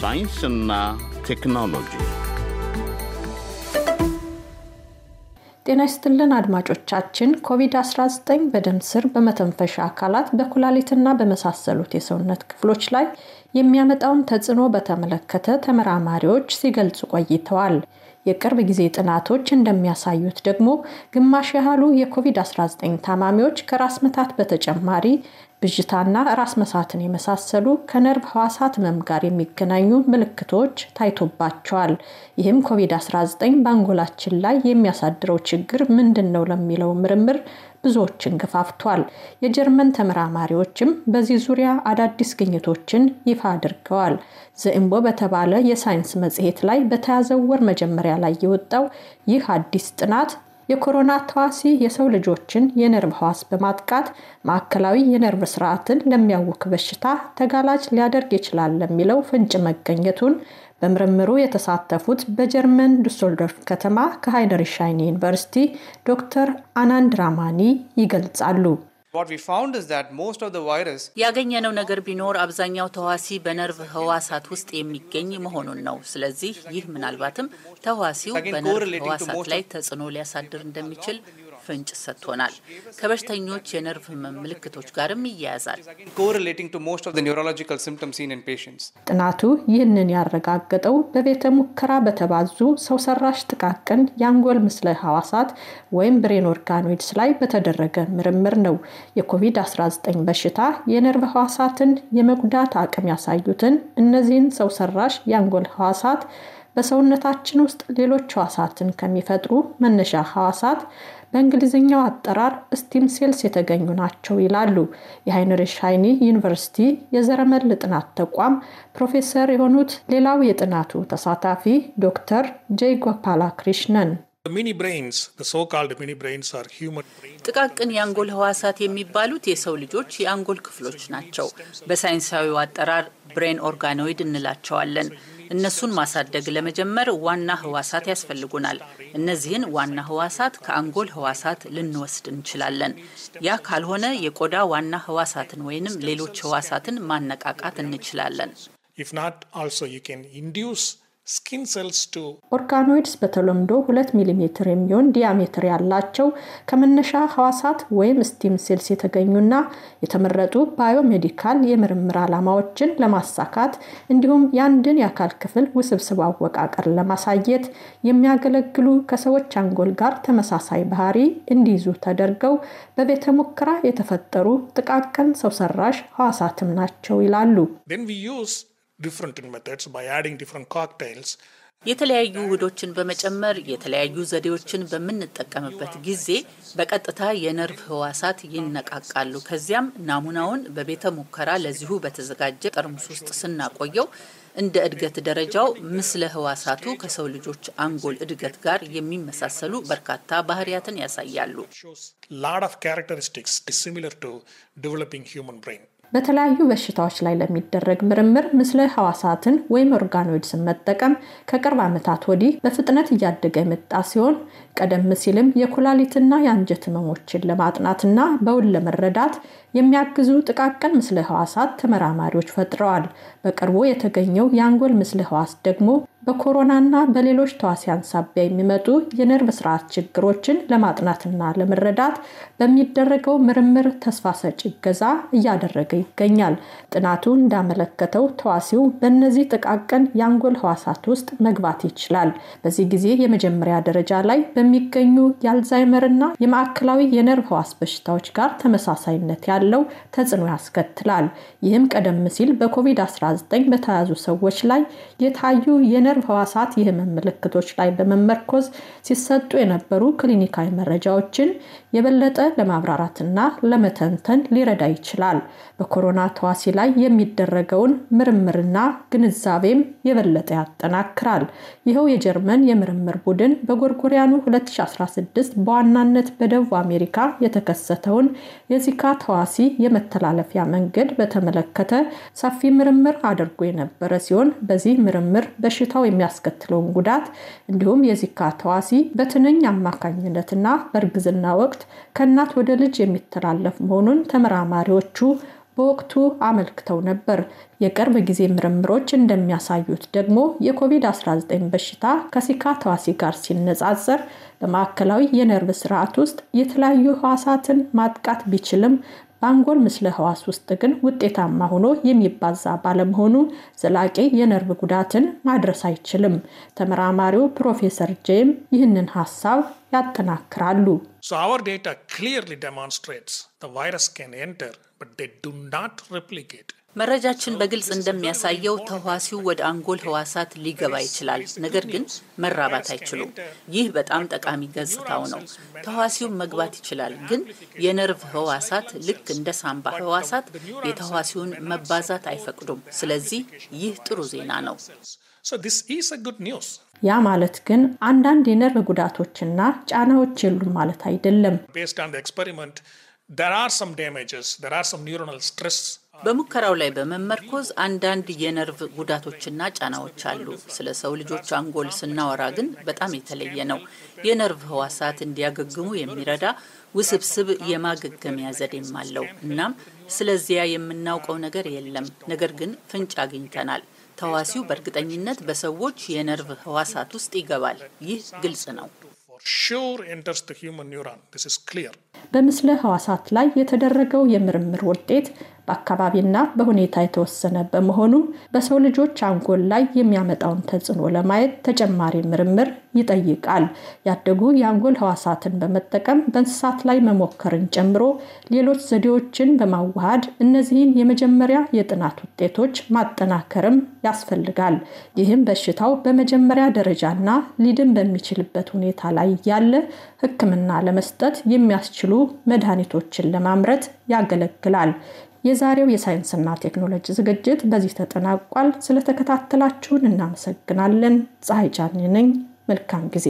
ሳይንስና ቴክኖሎጂ uh, ጤና ይስጥልን አድማጮቻችን። ኮቪድ-19 በደም ስር፣ በመተንፈሻ አካላት፣ በኩላሊትና በመሳሰሉት የሰውነት ክፍሎች ላይ የሚያመጣውን ተጽዕኖ በተመለከተ ተመራማሪዎች ሲገልጹ ቆይተዋል። የቅርብ ጊዜ ጥናቶች እንደሚያሳዩት ደግሞ ግማሽ ያህሉ የኮቪድ-19 ታማሚዎች ከራስ ምታት በተጨማሪ ብዥታና ራስ መሳትን የመሳሰሉ ከነርቭ ህዋሳት ህመም ጋር የሚገናኙ ምልክቶች ታይቶባቸዋል። ይህም ኮቪድ-19 በአንጎላችን ላይ የሚያሳድረው ችግር ምንድን ነው ለሚለው ምርምር ብዙዎችን ገፋፍቷል። የጀርመን ተመራማሪዎችም በዚህ ዙሪያ አዳዲስ ግኝቶችን ይፋ አድርገዋል። ዘእምቦ በተባለ የሳይንስ መጽሔት ላይ በተያዘው ወር መጀመሪያ ላይ የወጣው ይህ አዲስ ጥናት የኮሮና ተዋሲ የሰው ልጆችን የነርቭ ህዋስ በማጥቃት ማዕከላዊ የነርቭ ስርዓትን ለሚያውክ በሽታ ተጋላጭ ሊያደርግ ይችላል ለሚለው ፍንጭ መገኘቱን በምርምሩ የተሳተፉት በጀርመን ዱሶልዶርፍ ከተማ ከሃይነሪሻይን ዩኒቨርሲቲ ዶክተር አናንድ ራማኒ ይገልጻሉ። ያገኘነው ነገር ቢኖር አብዛኛው ተዋሲ በነርቭ ህዋሳት ውስጥ የሚገኝ መሆኑን ነው። ስለዚህ ይህ ምናልባትም ተዋሲው በነርቭ ህዋሳት ላይ ተጽዕኖ ሊያሳድር እንደሚችል ፍንጭ ሰጥቶናል። ከበሽተኞች የነርቭ ህመም ምልክቶች ጋርም ይያያዛል። ጥናቱ ይህንን ያረጋገጠው በቤተ ሙከራ በተባዙ ሰው ሰራሽ ጥቃቅን የአንጎል ምስለ ሐዋሳት ወይም ብሬን ኦርጋኖይድስ ላይ በተደረገ ምርምር ነው። የኮቪድ-19 በሽታ የነርቭ ህዋሳትን የመጉዳት አቅም ያሳዩትን እነዚህን ሰው ሰራሽ የአንጎል ህዋሳት በሰውነታችን ውስጥ ሌሎች ህዋሳትን ከሚፈጥሩ መነሻ ህዋሳት በእንግሊዝኛው አጠራር ስቲም ሴልስ የተገኙ ናቸው ይላሉ የሃይንሪሽ ሃይኒ ዩኒቨርሲቲ የዘረመል ጥናት ተቋም ፕሮፌሰር የሆኑት ሌላው የጥናቱ ተሳታፊ ዶክተር ጄይ ጎፓላ ክሪሽነን። ጥቃቅን የአንጎል ህዋሳት የሚባሉት የሰው ልጆች የአንጎል ክፍሎች ናቸው። በሳይንሳዊው አጠራር ብሬን ኦርጋኖይድ እንላቸዋለን። እነሱን ማሳደግ ለመጀመር ዋና ህዋሳት ያስፈልጉናል። እነዚህን ዋና ህዋሳት ከአንጎል ህዋሳት ልንወስድ እንችላለን። ያ ካልሆነ የቆዳ ዋና ህዋሳትን ወይንም ሌሎች ህዋሳትን ማነቃቃት እንችላለን። ኦርጋኖይድስ በተለምዶ ሁለት ሚሊሜትር የሚሆን ዲያሜትር ያላቸው ከመነሻ ህዋሳት ወይም ስቲም ሴልስ የተገኙና የተመረጡ ባዮሜዲካል የምርምር ዓላማዎችን ለማሳካት እንዲሁም የአንድን የአካል ክፍል ውስብስብ አወቃቀር ለማሳየት የሚያገለግሉ ከሰዎች አንጎል ጋር ተመሳሳይ ባህሪ እንዲይዙ ተደርገው በቤተ ሙከራ የተፈጠሩ ጥቃቅን ሰው ሰራሽ ህዋሳትም ናቸው ይላሉ። የተለያዩ ውህዶችን በመጨመር የተለያዩ ዘዴዎችን በምንጠቀምበት ጊዜ በቀጥታ የነርቭ ህዋሳት ይነቃቃሉ። ከዚያም ናሙናውን በቤተ ሙከራ ለዚሁ በተዘጋጀ ጠርሙስ ውስጥ ስናቆየው እንደ እድገት ደረጃው ምስለ ህዋሳቱ ከሰው ልጆች አንጎል እድገት ጋር የሚመሳሰሉ በርካታ ባህሪያትን ያሳያሉ። በተለያዩ በሽታዎች ላይ ለሚደረግ ምርምር ምስለ ህዋሳትን ወይም ኦርጋኖይድስን መጠቀም ከቅርብ ዓመታት ወዲህ በፍጥነት እያደገ የመጣ ሲሆን ቀደም ሲልም የኩላሊትና የአንጀት ህመሞችን ለማጥናትና በውል ለመረዳት የሚያግዙ ጥቃቅን ምስለ ህዋሳት ተመራማሪዎች ፈጥረዋል። በቅርቡ የተገኘው የአንጎል ምስለ ህዋስ ደግሞ በኮሮናና በሌሎች ተዋሲያን ሳቢያ የሚመጡ የነርቭ ስርዓት ችግሮችን ለማጥናትና ለመረዳት በሚደረገው ምርምር ተስፋ ሰጭ እገዛ እያደረገ ይገኛል። ጥናቱ እንዳመለከተው ተዋሲው በእነዚህ ጥቃቅን የአንጎል ህዋሳት ውስጥ መግባት ይችላል። በዚህ ጊዜ የመጀመሪያ ደረጃ ላይ በሚገኙ የአልዛይመርና የማዕከላዊ የነርቭ ህዋስ በሽታዎች ጋር ተመሳሳይነት ያለው ተጽዕኖ ያስከትላል። ይህም ቀደም ሲል በኮቪድ-19 በተያዙ ሰዎች ላይ የታዩ የነር በተለያዩ ህዋሳት የህመም ምልክቶች ላይ በመመርኮዝ ሲሰጡ የነበሩ ክሊኒካዊ መረጃዎችን የበለጠ ለማብራራትና ለመተንተን ሊረዳ ይችላል። በኮሮና ተዋሲ ላይ የሚደረገውን ምርምርና ግንዛቤም የበለጠ ያጠናክራል። ይኸው የጀርመን የምርምር ቡድን በጎርጎሪያኑ 2016 በዋናነት በደቡብ አሜሪካ የተከሰተውን የዚካ ተዋሲ የመተላለፊያ መንገድ በተመለከተ ሰፊ ምርምር አድርጎ የነበረ ሲሆን በዚህ ምርምር በሽታው የሚያስከትለውን ጉዳት እንዲሁም የዚካ ተዋሲ በትንኝ አማካኝነትና በእርግዝና ወቅት ከእናት ወደ ልጅ የሚተላለፍ መሆኑን ተመራማሪዎቹ በወቅቱ አመልክተው ነበር። የቅርብ ጊዜ ምርምሮች እንደሚያሳዩት ደግሞ የኮቪድ-19 በሽታ ከሲካ ተዋሲ ጋር ሲነጻጸር በማዕከላዊ የነርቭ ስርዓት ውስጥ የተለያዩ ህዋሳትን ማጥቃት ቢችልም በአንጎል ምስለ ህዋስ ውስጥ ግን ውጤታማ ሆኖ የሚባዛ ባለመሆኑ ዘላቂ የነርቭ ጉዳትን ማድረስ አይችልም። ተመራማሪው ፕሮፌሰር ጄም ይህንን ሀሳብ ያጠናክራሉ። ቫይረስ መረጃችን በግልጽ እንደሚያሳየው ተህዋሲው ወደ አንጎል ህዋሳት ሊገባ ይችላል፣ ነገር ግን መራባት አይችሉም። ይህ በጣም ጠቃሚ ገጽታው ነው። ተህዋሲውን መግባት ይችላል፣ ግን የነርቭ ህዋሳት ልክ እንደ ሳምባ ህዋሳት የተህዋሲውን መባዛት አይፈቅዱም። ስለዚህ ይህ ጥሩ ዜና ነው። ያ ማለት ግን አንዳንድ የነርቭ ጉዳቶችና ጫናዎች የሉም ማለት አይደለም። በሙከራው ላይ በመመርኮዝ አንዳንድ የነርቭ ጉዳቶችና ጫናዎች አሉ። ስለ ሰው ልጆች አንጎል ስናወራ ግን በጣም የተለየ ነው። የነርቭ ህዋሳት እንዲያገግሙ የሚረዳ ውስብስብ የማገገሚያ ዘዴም አለው። እናም ስለዚያ የምናውቀው ነገር የለም። ነገር ግን ፍንጭ አግኝተናል። ተዋሲው በእርግጠኝነት በሰዎች የነርቭ ህዋሳት ውስጥ ይገባል። ይህ ግልጽ ነው። በምስለ ህዋሳት ላይ የተደረገው የምርምር ውጤት በአካባቢና በሁኔታ የተወሰነ በመሆኑ በሰው ልጆች አንጎል ላይ የሚያመጣውን ተጽዕኖ ለማየት ተጨማሪ ምርምር ይጠይቃል። ያደጉ የአንጎል ህዋሳትን በመጠቀም በእንስሳት ላይ መሞከርን ጨምሮ ሌሎች ዘዴዎችን በማዋሃድ እነዚህን የመጀመሪያ የጥናት ውጤቶች ማጠናከርም ያስፈልጋል። ይህም በሽታው በመጀመሪያ ደረጃና ሊድን በሚችልበት ሁኔታ ላይ ያለ ሕክምና ለመስጠት የሚያስችሉ መድኃኒቶችን ለማምረት ያገለግላል። የዛሬው የሳይንስና ቴክኖሎጂ ዝግጅት በዚህ ተጠናቋል። ስለተከታተላችሁን እናመሰግናለን። ፀሐይ ጫኔ ነኝ። መልካም ጊዜ